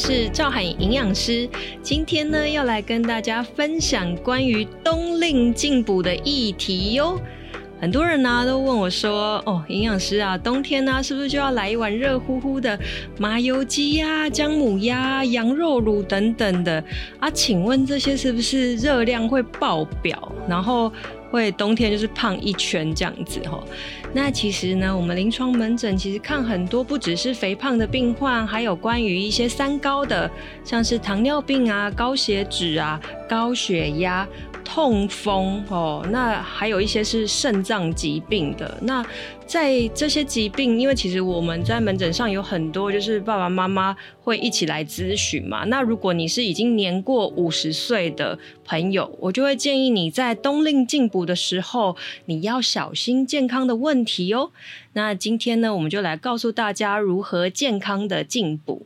是趙海營養師，今天呢，要來跟大家分享關於冬令進補的議題喲。很多人呢、啊、都問我說，哦，營養師啊，冬天呢、啊、是不是就要來一碗熱乎乎的麻油雞呀、啊、薑母鴨、羊肉爐、等等的啊？請問這些是不是熱量會爆表，然後會冬天就是胖一圈這樣子？那其實呢，我們臨床門診其實看很多，不只是肥胖的病患，還有關於一些三高的，像是糖尿病啊、高血脂啊、高血壓。痛風哦，那還有一些是腎臟疾病的。那在這些疾病，因為其實我們在門診上有很多就是爸爸媽媽會一起來諮詢嘛。那如果你是已經年過五十歲的朋友，我就會建議你在冬令進補的時候，你要小心健康的問題哦。那今天呢，我們就來告訴大家如何健康的進補。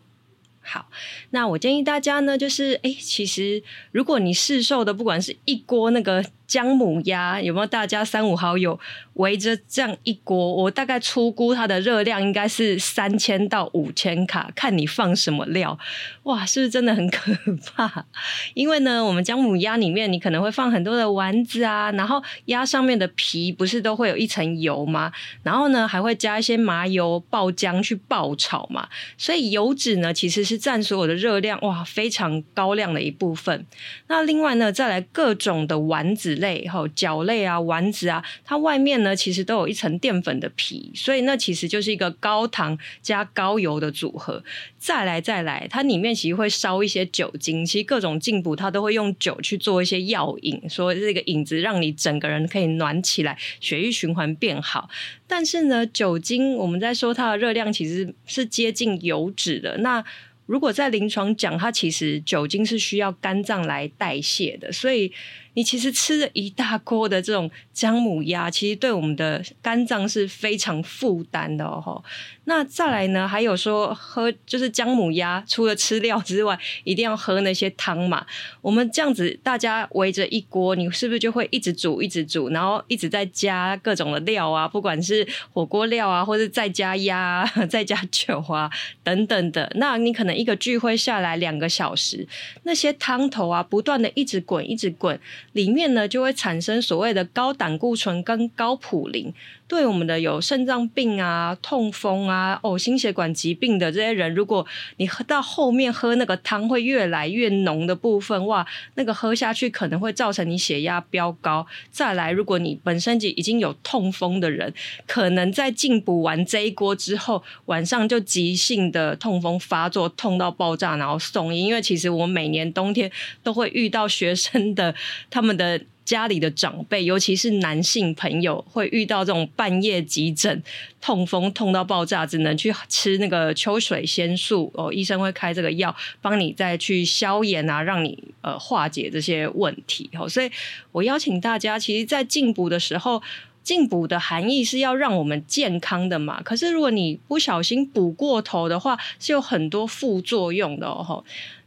好，那我建議大家呢，就是誒、欸，其實如果你市售的，不管是一鍋那個。薑母鴨有沒有？大家三五好友圍着這樣一鍋，我大概初估它的熱量應該是三千到五千卡，看你放什麼料。哇，是不是真的很可怕？因為呢，我們薑母鴨裡面你可能會放很多的丸子啊，然後鴨上面的皮不是都會有一層油嗎？然後呢，還會加一些麻油爆薑去爆炒嘛，所以油脂呢其實是佔所有的熱量哇非常高量的一部分。那另外呢，再來各種的丸子。類吼，餃類啊，丸子啊，它外面呢其實都有一層澱粉的皮，所以那其實就是一個高糖加高油的組合。再來再來，它裡面其實會燒一些酒精，其實各種進補，它都會用酒去做一些藥引，所以這個引子讓你整個人可以暖起來，血液循環變好。但是呢，酒精我們在說它的熱量其實是接近油脂的。那如果在臨床講，它其實酒精是需要肝臟來代謝的，所以。你其實吃了一大鍋的這種薑母鴨，其實對我們的肝臟是非常負擔的哦，那再來呢，還有說喝就是薑母鴨，除了吃料之外，一定要喝那些湯嘛。我們這樣子大家圍着一鍋，你是不是就會一直煮一直煮，然後一直在加各種的料啊，不管是火鍋料啊，或者再加鴨、再加酒啊等等的。那你可能一個聚會下來兩個小時，那些湯頭啊，不斷的一直滾，一直滾。裡面呢，就會產生所謂的高膽固醇跟高普林。對我們的有腎臟病啊、痛風啊、哦心血管疾病的這些人，如果你喝到後面喝那個湯會越來越濃的部分，哇，那個喝下去可能會造成你血壓飆高。再來，如果你本身已經已經有痛風的人，可能在進補完這一鍋之後，晚上就急性的痛風發作，痛到爆炸，然後送醫。因為其實我每年冬天都會遇到學生的他。他們的家裡的長輩，尤其是男性朋友，會遇到這種半夜急診，痛風痛到爆炸，只能去吃那個秋水仙素哦，醫生會開這個藥幫你再去消炎啊，讓你呃化解這些問題哦。所以我邀請大家，其實，在進補的時候，進補的含義是要讓我們健康的嘛。可是如果你不小心補過頭的話，是有很多副作用的哦，哦。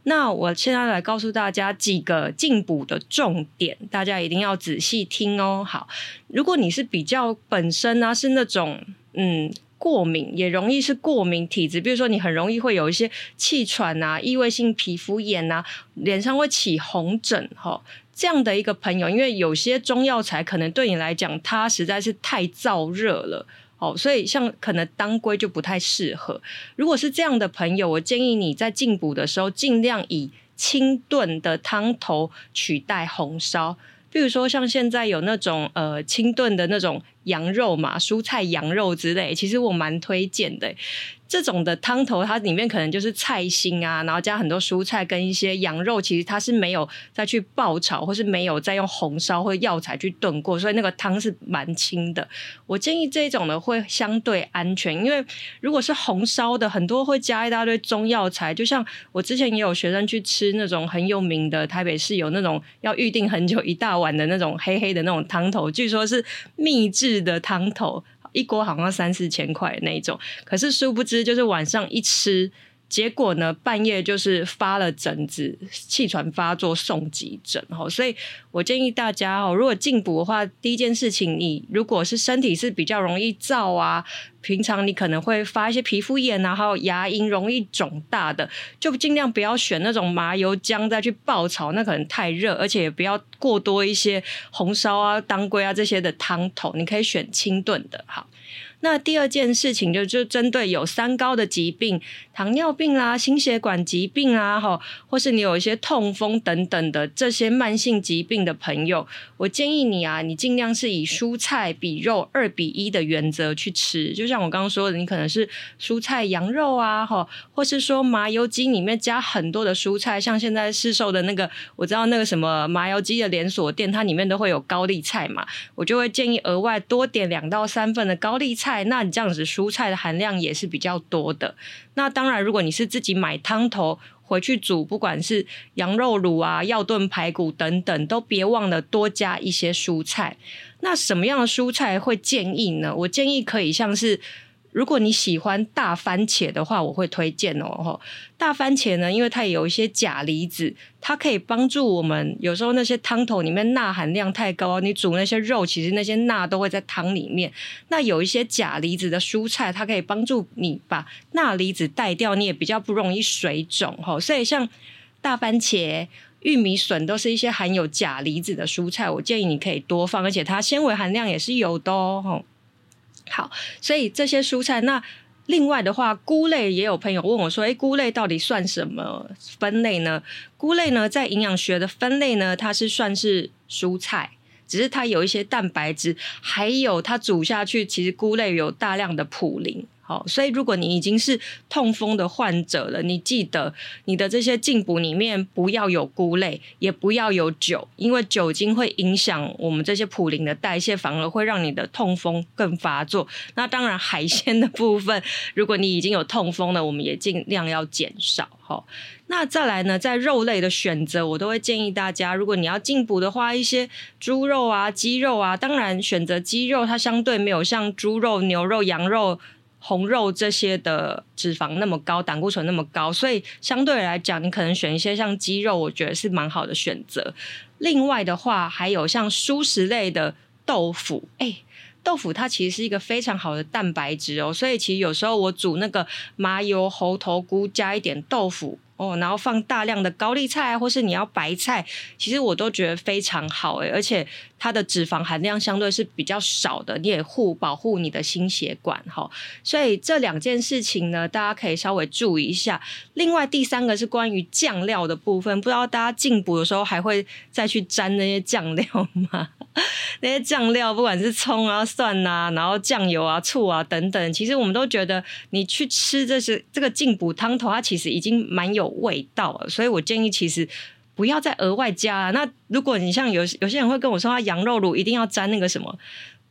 那我現在來告訴大家幾個進補的重點，大家一定要仔細聽哦。好，如果你是比較本身呢、啊、是那種嗯過敏，也容易是過敏體質，比如說你很容易會有一些氣喘啊、異位性皮膚炎啊，臉上會起紅疹哈、哦、這樣的一個朋友，因為有些中藥材可能對你來講，它實在是太燥熱了。哦，所以像可能當歸就不太適合。如果是這樣的朋友，我建議你在進補的時候，盡量以清燉的湯頭取代紅燒，比如說像現在有那種呃清燉的那種。羊肉嘛，蔬菜、羊肉之類，其實我蠻推薦的。這種的湯頭，它裡面可能就是菜心啊，然後加很多蔬菜跟一些羊肉，其實它是沒有再去爆炒，或是沒有再用紅燒或藥材去燉過，所以那個湯是蠻清的。我建議這種的會相對安全，因為如果是紅燒的，很多會加一大堆中藥材，就像我之前也有學生去吃那種很有名的台北市有那種要預定很久一大碗的那種黑黑的那種湯頭，據說是秘製的湯頭，一鍋好像三四千塊那種，可是殊不知就是晚上一吃。結果呢，半夜就是發了疹子，氣喘發作送急診哈。所以我建議大家哦，如果進補的話，第一件事情，你如果是身體是比較容易燥啊，平常你可能會發一些皮膚炎啊，還有牙齦容易腫大的，就尽量不要選那種麻油薑再去爆炒，那可能太熱，而且也不要過多一些紅燒啊、當歸啊這些的湯頭，你可以選清燉的。好，那第二件事情就是、就針對有三高的疾病。糖尿病啦，啊、心血管疾病啊，齁，或是你有一些痛風等等的這些慢性疾病的朋友，我建議你啊，你儘量是以蔬菜比肉二比一的原則去吃。就像我剛剛說的，你可能是蔬菜羊肉啊，齁，或是說麻油雞裡面加很多的蔬菜，像現在市售的那個，我知道那個什麼麻油雞的連鎖店，它裡面都會有高麗菜嘛，我就會建議額外多點兩到三份的高麗菜，那你這樣子蔬菜的含量也是比較多的。那當然，如果你是自己買湯頭回去煮，不管是羊肉爐啊、藥燉排骨等等，都別忘了多加一些蔬菜。那什麼樣的蔬菜會建議呢？我建議可以像是。如果你喜歡大番茄的話，我會推薦哦。大番茄呢，因為它有一些鉀離子，它可以幫助我們。有時候那些湯頭裡面鈉含量太高，你煮那些肉，其實那些鈉都會在湯裡面。那有一些鉀離子的蔬菜，它可以幫助你把鈉離子帶掉，你也比較不容易水腫。哈、哦，所以像大番茄、玉米筍都是一些含有鉀離子的蔬菜，我建議你可以多放，而且它纖維含量也是有的哦。哦好，所以這些蔬菜，那另外的話，菇類也有朋友問我說：“誒、欸、菇類到底算什麼分類呢？”菇類呢，在營養學的分類呢，它是算是蔬菜，只是它有一些蛋白質，還有它煮下去，其實菇類有大量的普林。好，所以如果你已經是痛風的患者了，你記得你的這些進補裡面不要有菇類，也不要有酒，因為酒精會影響我們這些普林的代謝，反而會讓你的痛風更發作。那當然，海鮮的部分，如果你已經有痛風了，我們也盡量要減少。好，那再來呢，在肉類的選擇，我都會建議大家，如果你要進補的話，一些豬肉啊、雞肉啊，當然選擇雞肉，它相對沒有像豬肉、牛肉、羊肉，紅肉這些的脂肪那麼高，膽固醇那麼高，所以相對來講，你可能選一些像雞肉，我覺得是蠻好的選擇。另外的話，還有像蔬食類的豆腐，哎，豆腐它其實是一個非常好的蛋白質哦。所以其實有時候我煮那個麻油猴頭菇，加一點豆腐。哦，然後放大量的高麗菜，或是你要白菜，其實我都覺得非常好誒，而且它的脂肪含量相對是比較少的，你也護保護你的心血管哈。所以這兩件事情呢，大家可以稍微注意一下。另外第三個是關於醬料的部分，不知道大家進補的時候還會再去沾那些醬料嗎？ 那些醬料，不管是蔥啊、蒜啊，然後醬油啊、醋啊等等，其實我們都覺得你去吃這些這個進補湯頭，它其實已經蠻有味道了。所以我建議，其實不要再額外加啊。那如果你像有有些人會跟我說，他羊肉爐一定要沾那個什麼。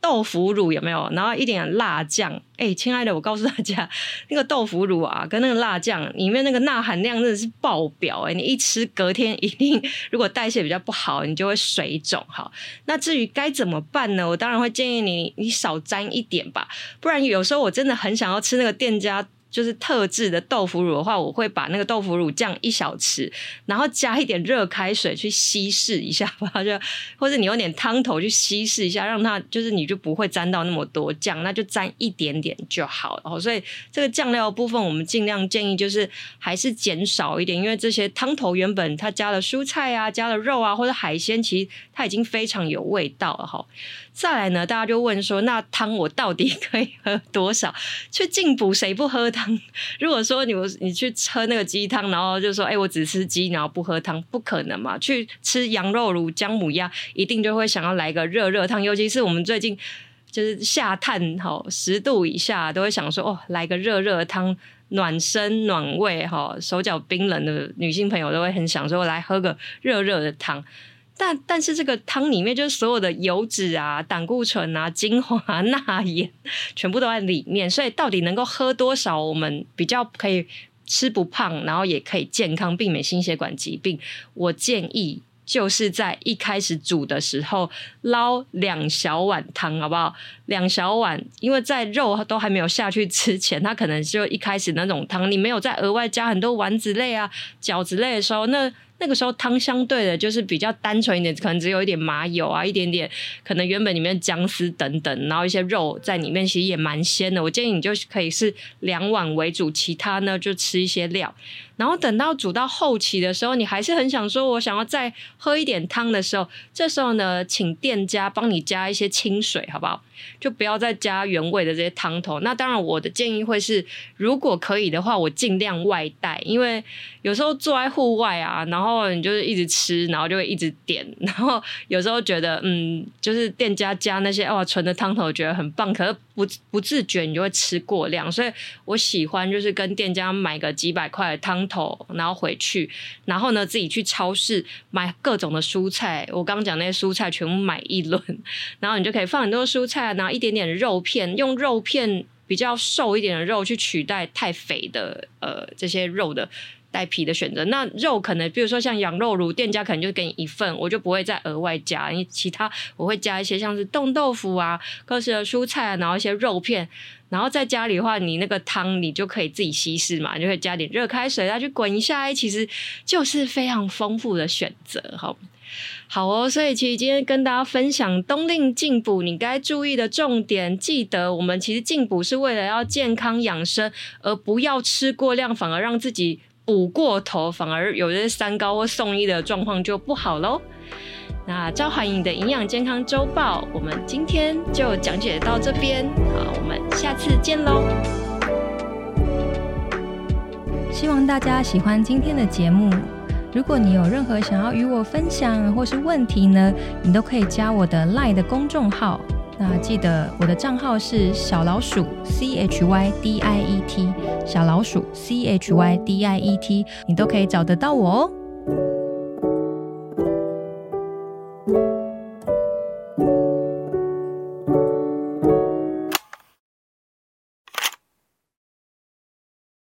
豆腐乳有沒有？然後一點辣醬。哎，親愛的，我告訴大家，那個豆腐乳啊，跟那個辣醬裡面那個鈉含量真的是爆表哎！你一吃，隔天一定，如果代謝比較不好，你就會水腫。好，那至於該怎麼辦呢？我當然會建議你，你少沾一點吧，不然有時候我真的很想要吃那個店家，就是特製的豆腐乳的話，我會把那個豆腐乳醬一小匙，然後加一點熱開水去稀釋一下吧，就或者你用點湯頭去稀釋一下，讓它就是你就不會沾到那麼多醬，那就沾一點點就好。哦，所以這個醬料的部分我們盡量建議就是還是減少一點，因為這些湯頭原本它加了蔬菜啊、加了肉啊或者海鮮，其實它已經非常有味道了。好，再來呢，大家就問說，那湯我到底可以喝多少去進補？誰不喝湯？ 如果說你你去喝那個雞湯，然後就說哎，我只吃雞，然後不喝湯，不可能嘛！去吃羊肉爐、薑母鴨，一定就會想要來個熱熱湯。尤其是我們最近就是下探哈十度以下，都會想說哦，來個熱熱湯暖身暖胃哈，手腳冰冷的女性朋友都會很想說來喝個熱熱的湯。但但是這個湯裡面就是所有的油脂啊、膽固醇啊、精華、啊、鈉鹽，全部都在裡面。所以到底能夠喝多少，我們比較可以吃不胖，然後也可以健康，避免心血管疾病。我建議就是在一開始煮的時候撈兩小碗湯，好不好？兩小碗，因為在肉都還沒有下去之前，它可能就一開始那種湯，你沒有再額外加很多丸子類啊、餃子類的時候，那。那個時候湯相對的，就是比較單純一點，可能只有一點麻油啊，一點點，可能原本裡面薑絲等等，然後一些肉在裡面，其實也蠻鮮的。我建議你就可以是兩碗為主，其他呢就吃一些料。然後等到煮到後期的時候，你還是很想說我想要再喝一點湯的時候，這時候呢，請店家幫你加一些清水，好不好？就不要再加原味的這些湯頭。那當然，我的建議會是，如果可以的話，我盡量外帶，因為有時候坐在戶外啊，然後。然後你就是一直吃，然後就會一直點。然後有時候覺得，嗯，就是店家加那些哇純的湯頭，覺得很棒。可是不不自覺，你就會吃過量。所以我喜歡就是跟店家買個幾百塊的湯頭，然後回去，然後呢自己去超市買各種的蔬菜。我剛講那些蔬菜全部買一輪，然後你就可以放很多蔬菜，然後一點點肉片，用肉片比較瘦一點的肉去取代太肥的呃這些肉的。帶皮的選擇，那肉可能比如說像羊肉爐，店家可能就給你一份，我就不會再額外加。因為其他我會加一些，像是凍豆腐啊，各式的蔬菜，啊，然後一些肉片。然後在家裡的話，你那個湯你就可以自己稀釋嘛，你就可以加點熱開水，再去滾一下。其實就是非常豐富的選擇。好，好哦。所以其實今天跟大家分享冬令進補，你該注意的重點。記得我們其實進補是為了要健康養生，而不要吃過量，反而讓自己。補過頭反而有些三高或送醫的狀況就不好嘍。那趙函穎的營養健康周報，我們今天就講解到這邊。好，我們下次見嘍！希望大家喜歡今天的節目。如果你有任何想要與我分享或是問題呢，你都可以加我的 LINE 的公眾號。那記得我的賬號是小老鼠 C H Y D I E T，小老鼠 C H Y D I E T，你都可以找得到我哦。